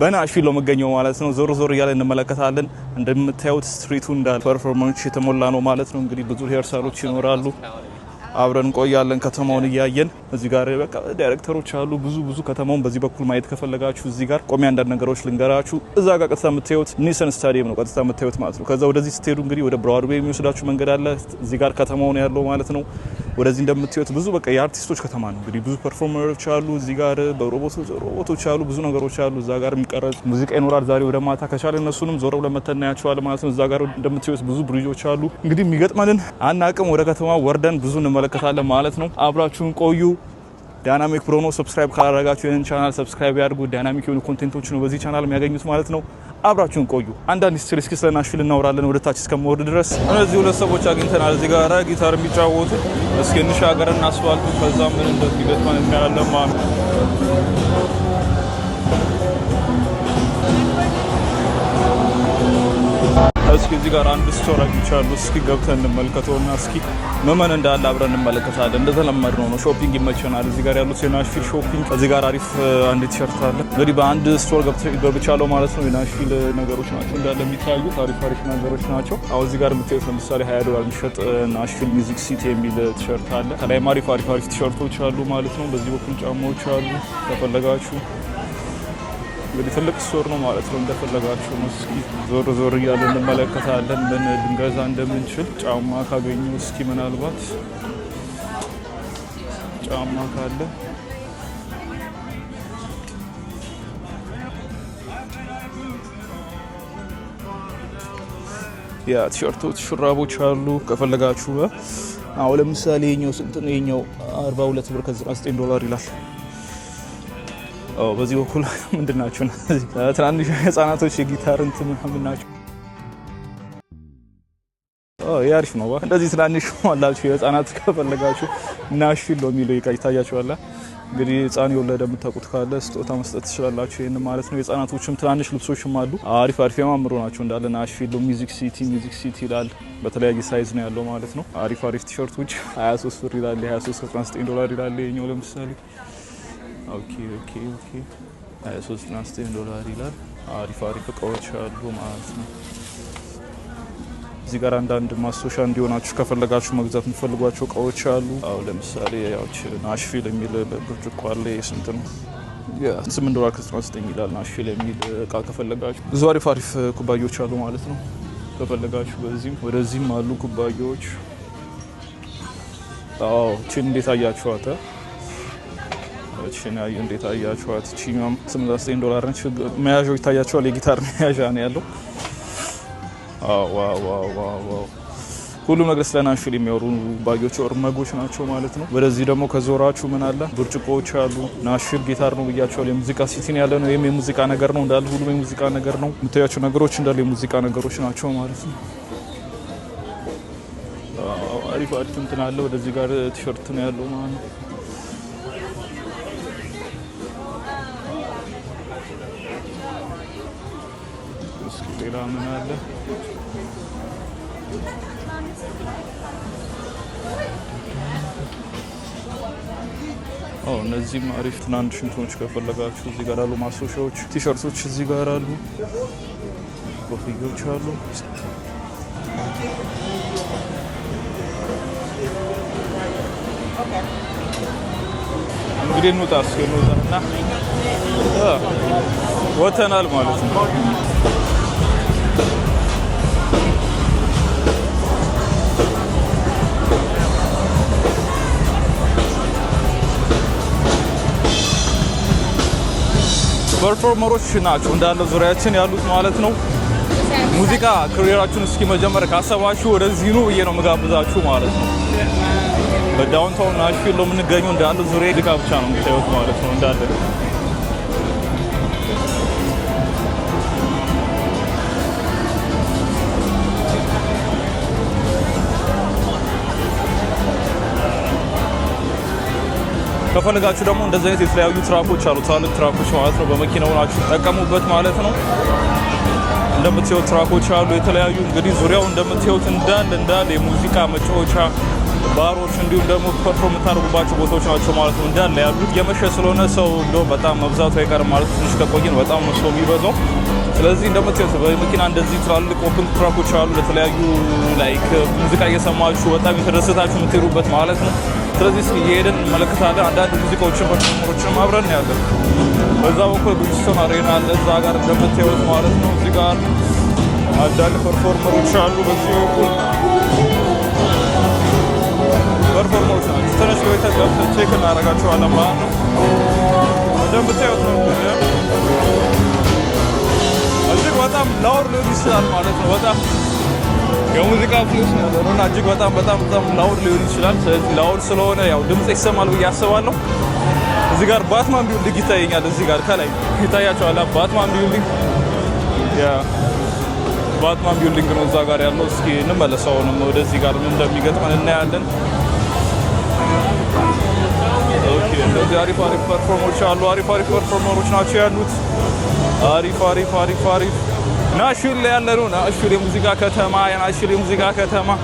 በናሽቪል ለመገኘው ማለት ነው። ዞር ዞር እያለ እንመለከታለን። እንደምታዩት ስትሪቱ እንዳለ ፐርፎርማንስ የተሞላ ነው ማለት ነው። እንግዲህ ብዙ ሄርሳሎች ይኖራሉ። አብረን ቆያለን ከተማውን እያየን። እዚህ ጋር በቃ ዳይሬክተሮች አሉ ብዙ ብዙ። ከተማውን በዚህ በኩል ማየት ከፈለጋችሁ እዚህ ጋር ቆሚ አንዳንድ ነገሮች ልንገራችሁ። እዛ ጋር ቀጥታ የምታዩት ኒሰን ስታዲየም ነው፣ ቀጥታ የምታዩት ማለት ነው። ከዛ ወደዚህ ስትሄዱ እንግዲህ ወደ ብሮድዌይ የሚወስዳችሁ መንገድ አለ። እዚህ ጋር ከተማውን ያለው ማለት ነው። ወደዚህ እንደምትዩት ብዙ በቃ የአርቲስቶች ከተማ ነው። እንግዲህ ብዙ ፐርፎርመሮች አሉ እዚህ ጋር በሮቦቶች አሉ፣ ብዙ ነገሮች አሉ። እዛ ጋር የሚቀረጽ ሙዚቃ ይኖራል። ዛሬ ወደ ማታ ከቻለ እነሱንም ዞረው ለመተናያቸዋል ማለት ነው። እዛ ጋር እንደምትዩት ብዙ ብሪጆች አሉ። እንግዲህ የሚገጥመንን አናቅም። ወደ ከተማ ወርደን ብዙ እንመለከታለን ማለት ነው። አብራችሁን ቆዩ። ዳይናሚክ ፕሮ ነው። ሰብስክራይብ ካላደረጋችሁ ይህን ቻናል ሰብስክራይብ ያድርጉ። ዳይናሚክ የሆኑ ኮንቴንቶች ነው በዚህ ቻናል የሚያገኙት ማለት ነው። አብራችሁን ቆዩ። አንዳንድ ሂስትሪ እስኪ ስለ ናሽቪል እናወራለን ወደ ታች እስከመወርድ ድረስ። እነዚህ ሁለት ሰዎች አግኝተናል እዚህ ጋር ጊታር የሚጫወቱ እስኪ እንሻገር እና አስፋልቱ ከዛ ምን እንደሚገጥመን እናያለን ማለት ነው። እስኪ እዚህ ጋር አንድ ስቶር አግኝቻለሁ። እስኪ ገብተን እና እስኪ መመን እንዳለ አብረን እንመለከታለን። እንደተለመድ ነው ነው ሾፒንግ ይመቸናል። እዚህ ጋር ያሉት የናሽቪል ሾፒንግ እዚህ ጋር አሪፍ አንድ ቲሸርት አለ። እንግዲህ በአንድ ስቶር ገብቻለሁ ማለት ነው። የናሽቪል ነገሮች ናቸው እንዳለ የሚታዩት አሪፍ አሪፍ ነገሮች ናቸው። አሁን እዚህ ጋር የምታዩት ለምሳሌ ሀያ ዶላር የሚሸጥ ናሽቪል ሚዚክ ሲቲ የሚል ቲሸርት አለ። ከላይም አሪፍ አሪፍ አሪፍ ቲሸርቶች አሉ ማለት ነው። በዚህ በኩል ጫማዎች አሉ ከፈለጋችሁ እንግዲህ ትልቅ ሱር ነው ማለት ነው። እንደፈለጋችሁ እስኪ ዞር ዞር እያለ እንመለከታለን ምን ልንገዛ እንደምንችል። ጫማ ካገኘው እስኪ ምናልባት ጫማ ካለ ያ ቲሸርቶች፣ ሹራቦች አሉ ከፈለጋችሁ። አሁን ለምሳሌ የኛው ስንት ነው? የኛው 42 ብር ከ9 ዶላር ይላል። በዚህ በኩል ምንድን ናቸው ትናንሽ ህጻናቶች የጊታር እንትን ምናምን ናቸው። አሪፍ ነው። እንደዚህ ትናንሽ አላችሁ የህጻናት ከፈለጋችሁ ናሽፊል ነው የሚለው ይቃ ይታያችኋል። እንግዲህ ህጻን የወለደ የምታውቁት ካለ ስጦታ መስጠት ትችላላችሁ። ይህን ማለት ነው። የህጻናቶችም ትናንሽ ልብሶችም አሉ። አሪፍ አሪፍ የማምሮ ናቸው እንዳለ ናሽቪል ሚዚክ ሲቲ ሚዚክ ሲቲ ይላል። በተለያየ ሳይዝ ነው ያለው ማለት ነው። አሪፍ አሪፍ ቲሸርቶች 23 ብር ይላል፣ 23 19 ዶላር ይላል። የኛው ለምሳሌ ኦኬ ኦኬ ኦኬ 23 ዶላር ይላል። አሪፍ አሪፍ እቃዎች አሉ ማለት ነው። እዚህ ጋር አንዳንድ ማስታወሻ እንዲሆናችሁ ከፈለጋችሁ መግዛት የምትፈልጓቸው እቃዎች አሉ። አሁ ለምሳሌ ያች ናሽቪል የሚል ብርጭቆ አለ። ስንት ነው? ስምንት ዶላር ከዘጠና ዘጠኝ ይላል። ናሽቪል የሚል እቃ ከፈለጋችሁ ብዙ አሪፍ አሪፍ ኩባያዎች አሉ ማለት ነው። ከፈለጋችሁ በዚህም ወደዚህም አሉ ኩባያዎች። ችን እንዴት አያችኋት? እችን ያዩ እንዴት አያችኋት? ቺኛም 89 ዶላር ነች። መያዣው ይታያቸዋል። የጊታር መያዣ ነው ያለው። ሁሉም ነገር ስለ ናሽል የሚያወሩ ባጊዎች ወር መጎች ናቸው ማለት ነው። ወደዚህ ደግሞ ከዞራችሁ ምን አለ ብርጭቆዎች አሉ። ናሽል ጊታር ነው ብያቸዋል። የሙዚቃ ሲቲን ያለ ነው። ይህም የሙዚቃ ነገር ነው እንዳለ ሁሉም የሙዚቃ ነገር ነው። የምታያቸው ነገሮች እንዳለ የሙዚቃ ነገሮች ናቸው ማለት ነው። አሪፍ አሪፍ እንትን አለ። ወደዚህ ጋር ቲሸርት ነው ያለው ማለት ነው። ሙዝ፣ ሌላ ምን አለ? እነዚህም አሪፍ ትናንሽ እንትኖች ከፈለጋችሁ እዚህ ጋር አሉ። ማስታወሻዎች፣ ቲሸርቶች እዚህ ጋር አሉ። ኮፍያዎች አሉ። እንግዲህ እንውጣ እስኪ እንውጣና ወተናል ማለት ነው። ፐርፎርመሮች ናቸው እንዳለ ዙሪያችን ያሉት ማለት ነው። ሙዚቃ ክሪራችሁን እስኪ መጀመር ካሰባችሁ ወደዚህ ኑ ብዬ ነው ምጋብዛችሁ ማለት ነው። በዳውንታውን ናሽቪል ነው የምንገኘው። እንዳለ ዙሪያ ሙዚቃ ብቻ ነው የምታዩት ማለት ነው እንዳለ ከፈለጋችሁ ደግሞ እንደዚህ አይነት የተለያዩ ትራኮች አሉ። ትላልቅ ትራኮች ማለት ነው። በመኪና ሆናችሁ ተጠቀሙበት ማለት ነው። እንደምትዩት ትራኮች አሉ የተለያዩ እንግዲህ ዙሪያው እንደምትዩት እንዳል እንዳል የሙዚቃ መጫወቻ ባሮች እንዲሁም ደግሞ ፐርፎ የምታደርጉባቸው ቦታዎች ናቸው ማለት ነው። እንዳለ ያሉት የመሸ ስለሆነ ሰው እንደ በጣም መብዛቱ አይቀርም ማለት ትንሽ ከቆየን በጣም ሰው የሚበዛው። ስለዚህ እንደምትዩት በመኪና እንደዚህ ትላልቅ ኦፕን ትራኮች አሉ ለተለያዩ ላይክ ሙዚቃ እየሰማችሁ በጣም የተደሰታችሁ የምትሄዱበት ማለት ነው። ስለዚህ እስኪ እየሄደን እንመለከታለን። አንዳንድ ሙዚቃዎችን በመሮችን አብረን ያለን በዛ በኩል ጉጅሰን አሬና አለ እዛ ጋር እንደምታዩት ማለት ነው። እዚህ ጋር አንዳንድ ፐርፎርመሮች አሉ። በዚህ በኩል ፐርፎርመሮች ናቸው። ትንሽ ቤተ ገብተ ቼክ እናደርጋቸዋለን ማለት ነው። እንደምታዩት ነው እጅግ በጣም ላውር ሊሆን ይችላል ማለት ነው በጣም የሙዚቃ ፕሌይስም ሆኖና እጅግ በጣም በጣም በጣም ላውድ ሊሆን ይችላል። ስለዚህ ላውድ ስለሆነ ያው ድምጽ ይሰማል ብዬ አስባለሁ። እዚህ ጋር ባትማን ቢውልዲንግ ይታየኛል። እዚህ ጋር ከላይ ይታያቸዋል። ባትማን ቢውልዲንግ ያ ባትማን ቢውልዲንግ ነው እዛ ጋር ያለው። እስኪ እንመለሰው ነው ወደዚህ ጋር ምን እንደሚገጥመን እናያለን። ኦኬ እንደዚህ አሪፍ አሪፍ ፐርፎርመሮች አሉ። አሪፍ አሪፍ ፐርፎርመሮች ናቸው ያሉት። አሪፍ አሪፍ አሪፍ አሪፍ ናሽል ያለነው ናሽል የሙዚቃ ከተማ ናሽል የሙዚቃ ከተማ